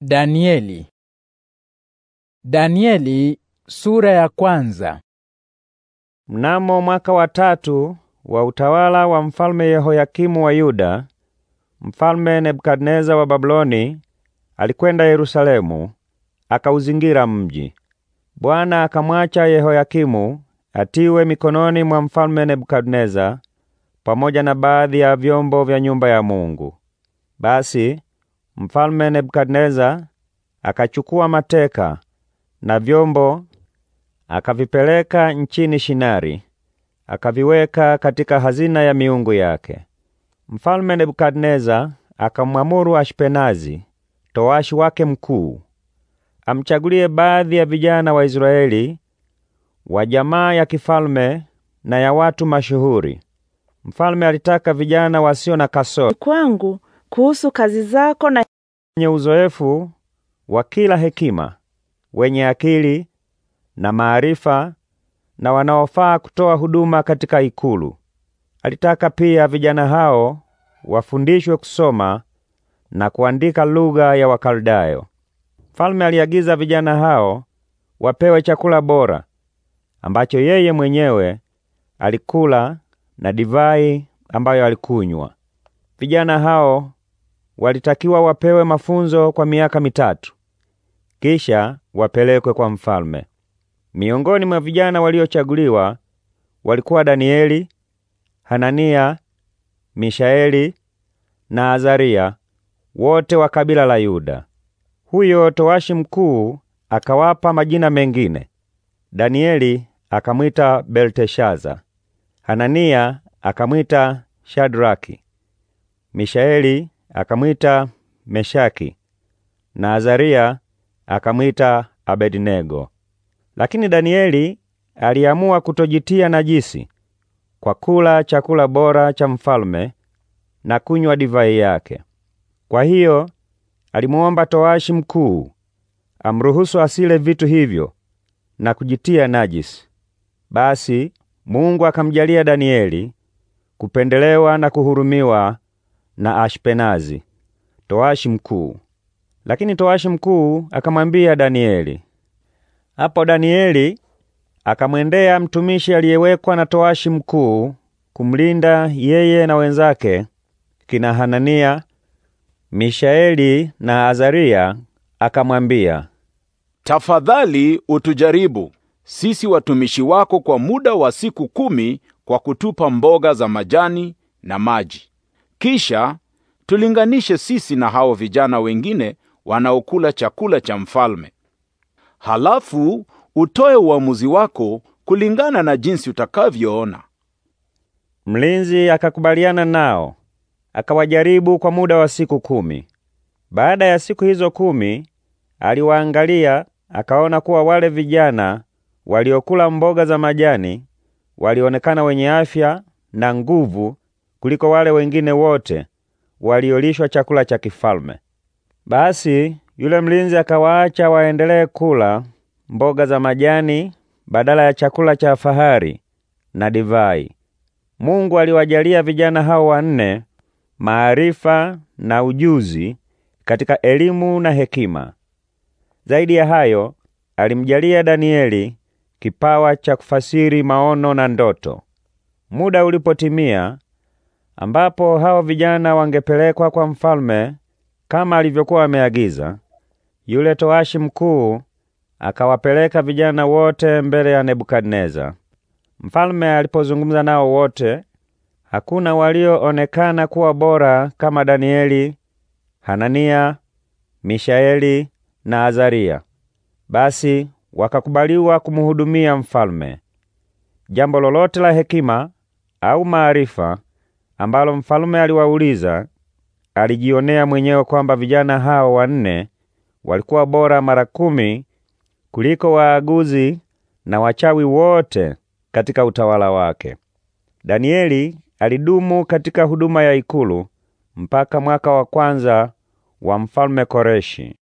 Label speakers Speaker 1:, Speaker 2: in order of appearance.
Speaker 1: Danieli. Danieli sura ya kwanza. Mnamo mwaka wa tatu wa utawala wa mfalme Yehoyakimu wa Yuda, mfalme Nebukadneza wa Babiloni alikwenda Yerusalemu, akauzingira mji. Bwana akamwacha Yehoyakimu atiwe mikononi mwa mfalme Nebukadneza pamoja na baadhi ya vyombo vya nyumba ya Mungu. Basi Mfalme Nebukadneza akachukua mateka na vyombo akavipeleka nchini Shinari, akaviweka katika hazina ya miungu yake. Mfalme Nebukadneza akamwamuru Ashpenazi, towashi wake mkuu, amchagulie baadhi ya vijana wa Israeli wa jamaa ya kifalme na ya watu mashuhuri. Mfalme alitaka vijana wasio na kasoro kwangu kuhusu kazi zako na wenye uzoefu wa kila hekima, wenye akili na maarifa na wanaofaa kutoa huduma katika ikulu. Alitaka pia vijana hao wafundishwe kusoma na kuandika lugha ya Wakaldayo. Mfalme aliagiza vijana hao wapewe chakula bora ambacho yeye mwenyewe alikula na divai ambayo alikunywa. Vijana hao walitakiwa wapewe mafunzo kwa miaka mitatu, kisha wapelekwe kwa mfalme. Miongoni mwa vijana waliochaguliwa walikuwa Danieli, Hanania, Mishaeli na Azaria, wote wa kabila la Yuda. Huyo towashi mkuu akawapa majina mengine. Danieli akamwita Belteshaza, Hanania akamwita Shadraki, Mishaeli akamwita Meshaki na Azaria akamwita Abednego. Lakini Danieli aliamua kutojitia najisi kwa kula chakula bora cha mfalme na kunywa divai yake. Kwa hiyo alimuomba towashi mkuu amruhusu asile vitu hivyo na kujitia najisi. Basi Mungu akamjalia Danieli kupendelewa na kuhurumiwa na Ashpenazi, toashi mkuu. Lakini toashi mkuu akamwambia Danieli. Hapo Danieli akamwendea mtumishi aliyewekwa na toashi mkuu kumlinda yeye na wenzake kina Hanania, Mishaeli na Azaria, akamwambia, tafadhali utujaribu sisi watumishi wako kwa muda wa siku kumi kwa kutupa mboga za majani na maji. Kisha tulinganishe sisi na hao vijana wengine wanaokula chakula cha mfalme. Halafu utoe uamuzi wako kulingana na jinsi utakavyoona. Mlinzi akakubaliana nao, akawajaribu kwa muda wa siku kumi. Baada ya siku hizo kumi, aliwaangalia akaona kuwa wale vijana waliokula mboga za majani walionekana wenye afya na nguvu kuliko wale wengine wote waliolishwa chakula cha kifalme. Basi yule mlinzi akawaacha waendelee kula mboga za majani badala ya chakula cha fahari na divai. Mungu aliwajalia vijana hao wanne maarifa na ujuzi katika elimu na hekima. Zaidi ya hayo, alimjalia Danieli kipawa cha kufasiri maono na ndoto. Muda ulipotimia, ambapo hao vijana wangepelekwa kwa mfalme kama alivyokuwa ameagiza. Yule toashi mkuu akawapeleka vijana wote mbele ya Nebukadneza. Mfalme alipozungumza nao wote, hakuna walioonekana kuwa bora kama Danieli, Hanania, Mishaeli na Azaria. Basi wakakubaliwa kumhudumia mfalme. Jambo lolote la hekima au maarifa ambalo mfalume aliwauliza, alijionea mwenyewe kwamba vijana hao wanne walikuwa bora mara kumi kuliko waaguzi na wachawi wote katika utawala wake. Danieli alidumu katika huduma ya ikulu mpaka mwaka wa kwanza wa mfalme Koreshi.